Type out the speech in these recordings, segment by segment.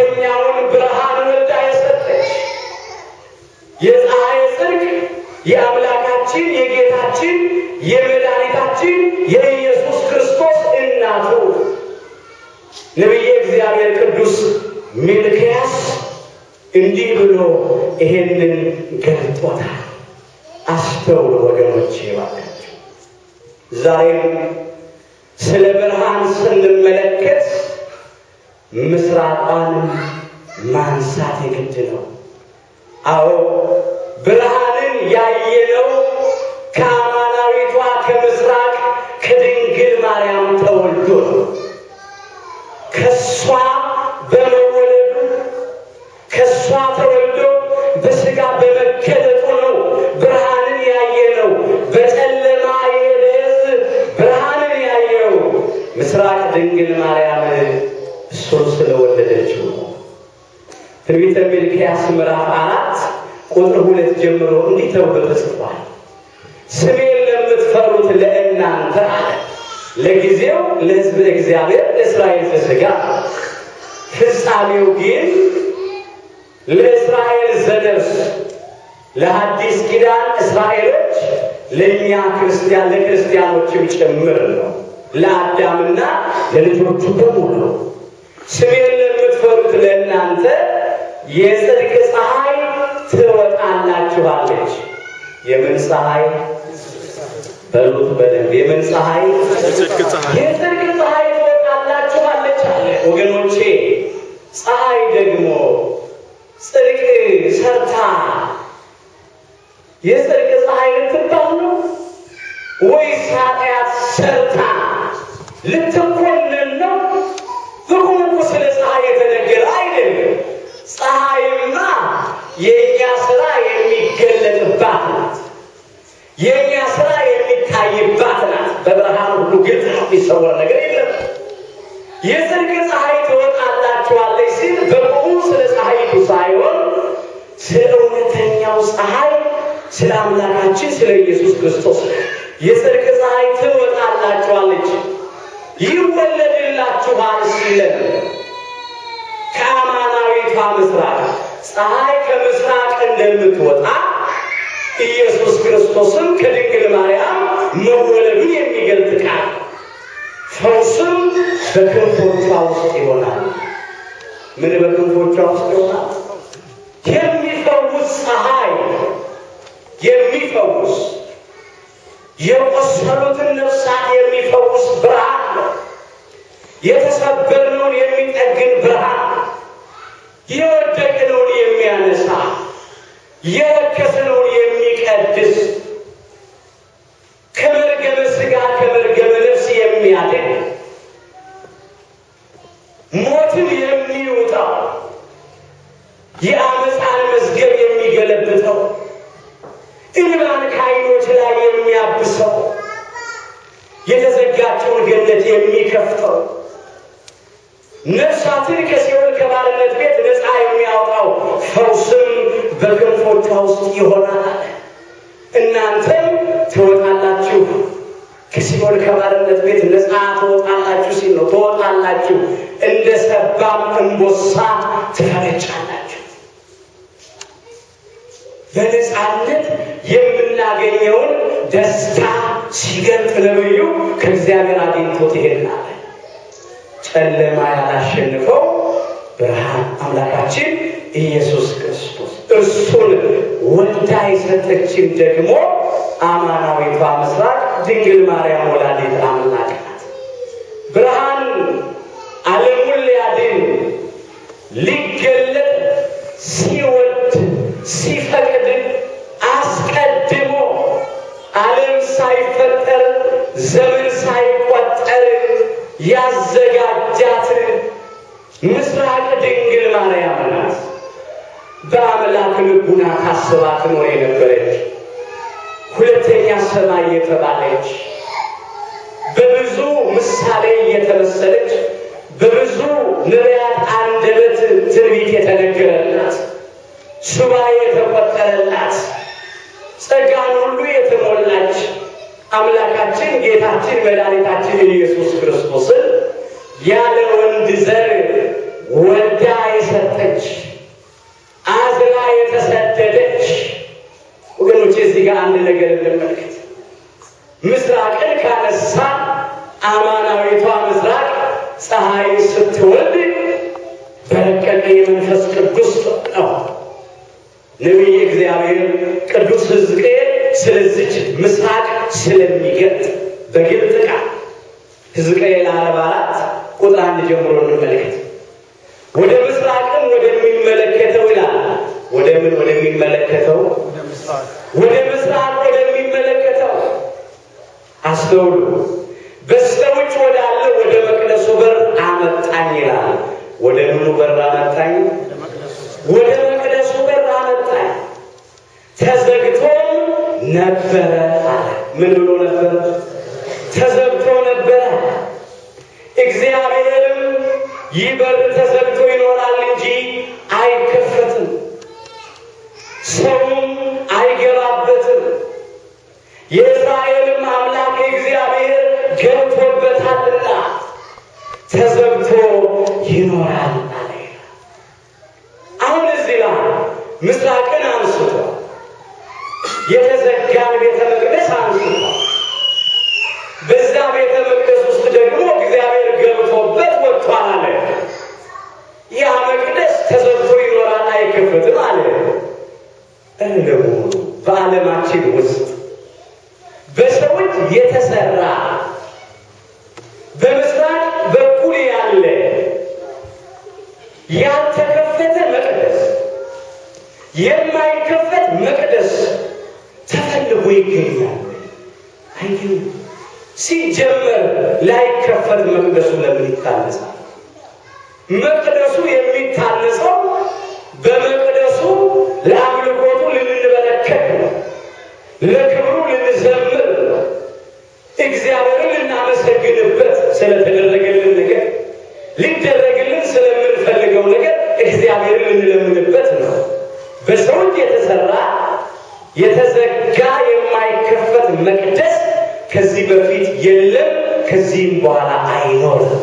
እውነተኛውን ብርሃን ወልዳ የሰጠች የፀሐይ ጽድቅ የአምላካችን የጌታችን የመድኃኒታችን የኢየሱስ ክርስቶስ እናቱ ነቢየ እግዚአብሔር ቅዱስ ሚልክያስ እንዲህ ብሎ ይሄንን ገልጦታል። አስተውሉ ወገኖች ባላቸው ዛሬም ስለ ብርሃን ስንመለከት ምስራቋን ማንሳት የግድ ነው። አዎ ብርሃንን ያየነው ከአማናዊቷ ከምስራቅ ከድንግል ማርያም ተወልዶ ከእሷ በመወለዱ ከእሷ ተወልዶ ትንቢተ ሚልክያስ ምዕራፍ አራት ቁጥር ሁለት ጀምሮ እንዲህ ተብሎ ተጽፏል። ስሜን ለምትፈሩት ለእናንተ አለ ለጊዜው ለሕዝብ እግዚአብሔር ለእስራኤል ተስጋ ፍጻሜው ግን ለእስራኤል ዘደርስ ለሐዲስ ኪዳን እስራኤሎች ለእኛ ክርስቲያን ለክርስቲያኖችም ጭምር ነው። ለአዳምና ለልጆቹ በሙሉ ስሜን ለምትፈሩት ለእናንተ የጽድቅ ፀሐይ ትወጣላችኋለች። የምን ፀሐይ በሉት በደንብ የምን ፀሐይ? የጽድቅ ፀሐይ ትወጣላችኋለች አለ። ወገኖቼ ፀሐይ ደግሞ ጽድቅ ሰርታ የጽድቅ ፀሐይ ልትባል ነው ወይስ ኃጢአት ሰርታ ልትኮ የእኛ ስራ የሚታይባት ናት። በብርሃን ሁሉ ግልጽ ነው፣ የሚሰወር ነገር የለም። የጽድቅ ፀሐይ ትወጣላችኋለች ሲል በቁሙ ስለ ፀሐይቱ ሳይሆን ስለ እውነተኛው ፀሐይ ስለ አምላካችን ስለ ኢየሱስ ክርስቶስ ነው። የጽድቅ ፀሐይ ትወጣላችኋለች ይወለድላችኋል ሲለን ከአማናዊቷ ምስራቅ ፀሐይ ከምስራቅ እንደምትወጣ ኢየሱስ ክርስቶስም ከድንግል ማርያም መወለዱን የሚገልጥ ቃል ፈውስም በክንፎቿ ውስጥ ይሆናል። ምን በክንፎቿ ውስጥ ይሆናል? የሚፈውስ ፀሐይ የሚፈውስ የቆሰሉትን ነፍሳት የሚፈውስ ብርሃን ነው። የተሰበርነውን የሚጠግን ብርሃን፣ የወደቅነውን የሚያነሳ የረከስነውን የሚ የሚቀድስ ከመርገመ ስጋ ከመርገመ ነፍስ የሚያድግ ሞትን የሚውጣው የአመፃን መዝገብ የሚገለብጠው እንባን ከዓይኖች ላይ የሚያብሰው የተዘጋቸውን ገነት የሚከፍተው ነፍሳትን ከሲኦል ከባርነት ቤት ነፃ የሚያወጣው ፈውስም በክንፎቿ ውስጥ ይሆናል። እናንተም ትወጣላችሁ ከሲኦል ከባርነት ቤት ነፃ ትወጣላችሁ ሲል ነው። ትወጣላችሁ እንደ ሰባም እንቦሳ ትረገጫላችሁ። በነፃነት የምናገኘውን ደስታ ሲገልጥ ነብዩ ከእግዚአብሔር አግኝቶት ትሄድናለ ጨለማ ያላሸንፈው ብርሃን አምላካችን ኢየሱስ ክርስቶስ እሱን ወልዳ የሰጠችን ደግሞ አማናዊቷ ምስራቅ ድንግል ማርያም ወላዲት አምላክ ናት። ብርሃን ዓለሙን ሊያድን አሰባክኖ የነበረች ሁለተኛ ሰማይ የተባለች በብዙ ምሳሌ የተመሰለች በብዙ ነቢያት አንደበት ትንቢት የተነገረላት ሱባኤ የተቆጠረላት ጸጋን ሁሉ የተሞላች አምላካችን ጌታችን መድኃኒታችን ኢየሱስ ክርስቶስን ያለ ወንድ ዘር ወዳ የሰጠች ነገር እንመልከት። ምስራቅን ካነሳ አማናዊቷ ምስራቅ ፀሐይ ስትወልድ በረቀቀ የመንፈስ ቅዱስ ነው። ነቢይ እግዚአብሔር ቅዱስ ሕዝቅኤል ስለዚች ምስራቅ ስለሚገልጥ በግልጥ ቃል ሕዝቅኤል አርባ አራት ቁጥር አንድ ጀምሮ እንመለከት። ወደ ምስራቅም ወደሚመለከተው ይላል። ወደ ምን ወደሚመለከተው? ወደ ምስራቅ አስተውሉ። በስተውጭ ወዳለ ወደ መቅደሱ በር አመጣኝ ይላል። ወደ ምኑ በር አመጣኝ? ወደ መቅደሱ በር አመጣኝ፣ ተዘግቶም ነበረ አለ። ምን ብሎ ነበር? ተዘግቶ ነበረ። እግዚአብሔርም ይህ በር ተዘግቶ ይኖራል እንጂ አይከፈትም። ሰውም ተዘግቶ ይኖራል አለ። አሁን እዚህ ላይ ምስራቅን አንስቷል። የተዘጋን ቤተ መቅደስ አንስቷል። በዛ ቤተ መቅደስ ውስጥ ደግሞ እግዚአብሔር ገብቶበት ወጥቷል አለ። ያ መቅደስ ተዘግቶ ይኖራል አይከፈትም አለ። እንደው በዓለማችን ውስጥ በሰዎች የተሰራ መመለስ ተፈልጎ ይገኛል። አይ ሲጀመር ላይከፈል መቅደሱ ለምን ይታነሳል? መቅደሱ የሚታነሰው በመቅደሱ ለአምልኮቱ ልንበረከት ነው፣ ለክብሩ ልንዘምር ነው፣ እግዚአብሔርን ልናመሰግንበት ስለተደረገልን ነገር ሊደረግልን ስለምንፈልገው ነገር እግዚአብሔርን ልንለምንበት ነው። በሰው የተሰራ የተዘጋ የማይከፈት መቅደስ ከዚህ በፊት የለም፣ ከዚህም በኋላ አይኖርም።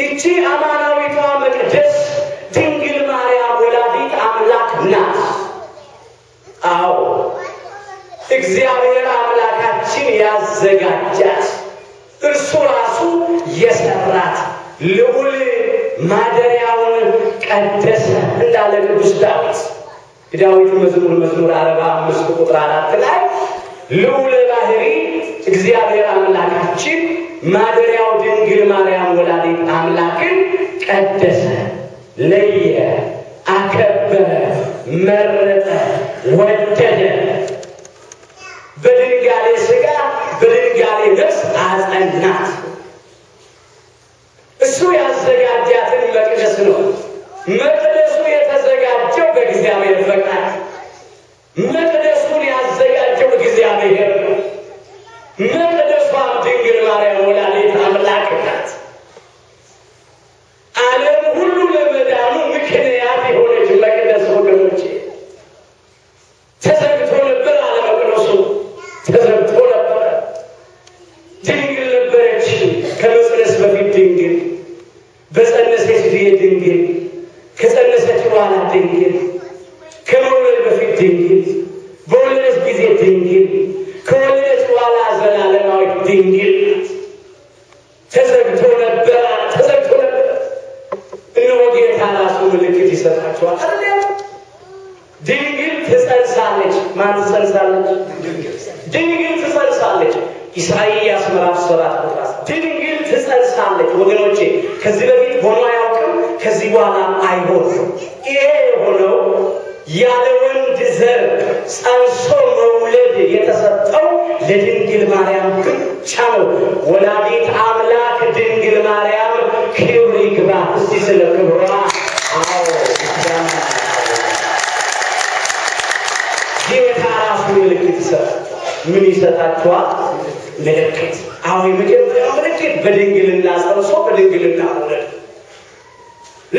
ይቺ አማናዊቷ መቅደስ ድንግል ማርያም ወላዲት አምላክ ናት። አዎ እግዚአብሔር አምላካችን ያዘጋጃት እርሱ ራሱ የሰራት ልዑል ማደሪያውን ቀደሰ እንዳለ ቅዱስ ዳዊት የዳዊት መዝሙር መዝሙር አርባ አምስት ቁጥር አራት ላይ ልዑለ ባህሪ እግዚአብሔር አምላካችን ማደሪያው ድንግል ማርያም ወላዲት አምላክን ቀደሰ፣ ለየ፣ አከበረ፣ መረጠ፣ ወደደ መቅደሱን ያዘጋጀው እግዚአብሔር መቅደሷ ድንግል ማርያም ወላዲተ አምላክ ናት። ዓለም ሁሉ ለመዳኑ ምክንያት የሆነች መቅደስ ወገኖች ተዘግቶ ነበር። አለመቅደሱ ተዘግቶ ነበር። ድንግል ነበረች። ከመጽነስ በፊት ድንግል፣ በጸነሰች ጊዜ ድንግል፣ ከጸነሰች በኋላ ድንግል ምልክት ይሰጣቸዋል። አለ ድንግል ትጸንሳለች። ማን ትጸንሳለች? ድንግል ትጸንሳለች። ኢሳይያስ ምዕራፍ ሰባት ቁጥር ድንግል ትጸንሳለች። ወገኖቼ ከዚህ በፊት ሆኖ አያውቅም፣ ከዚህ በኋላ አይሆን ይሄ የሆነው ያለ ወንድ ዘር ጸንሶ መውለድ የተሰጠው ለድንግል ማርያም ብቻ ነው። ወላዲት አምላክ ድንግል ማርያም ክብር ይግባ። እስቲ ስለ ክብሯ ምን ይሰጣችኋል? ምልክት። አሁን የመጀመሪያው ምልክት በድንግልና ጸንሶ በድንግልና መውለድ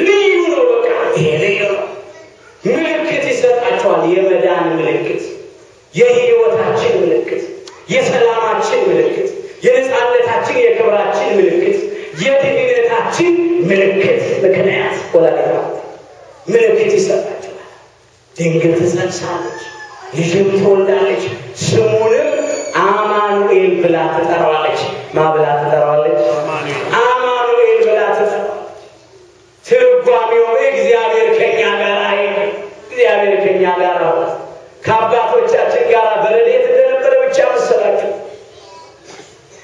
ልዩ ነው። በቃ ይሄ ልዩ ነው። ምልክት ይሰጣችኋል። የመዳን ምልክት፣ የህይወታችን ምልክት፣ የሰላማችን ምልክት፣ የነፃነታችን የክብራችን ምልክት፣ የድህነታችን ምልክት ምክንያት ወላዲተ ምልክት ይሰጣችኋል። ድንግል ትጸንሳለች። ልጅም ትወልዳለች፣ ስሙንም አማኑኤል ብላ ትጠራዋለች። ማ ብላ ትጠራዋለች? አማኑኤል ብላ ትርጓሜው እግዚአብሔር ከኛ ጋር እግዚአብሔር ከኛ ጋር ነው። ከአባቶቻችን ጋር በረዴት እንደነበረ ብቻ መሰላችሁ?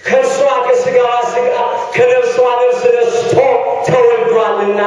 ከእርሷ ከስጋዋ ስጋ ከነፍሷ ነፍስ ነስቶ ተወልዷልና